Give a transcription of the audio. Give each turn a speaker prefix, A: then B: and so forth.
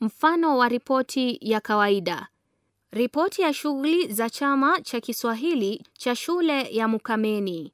A: Mfano wa ripoti ya kawaida: ripoti ya shughuli za Chama cha Kiswahili cha Shule ya mukameni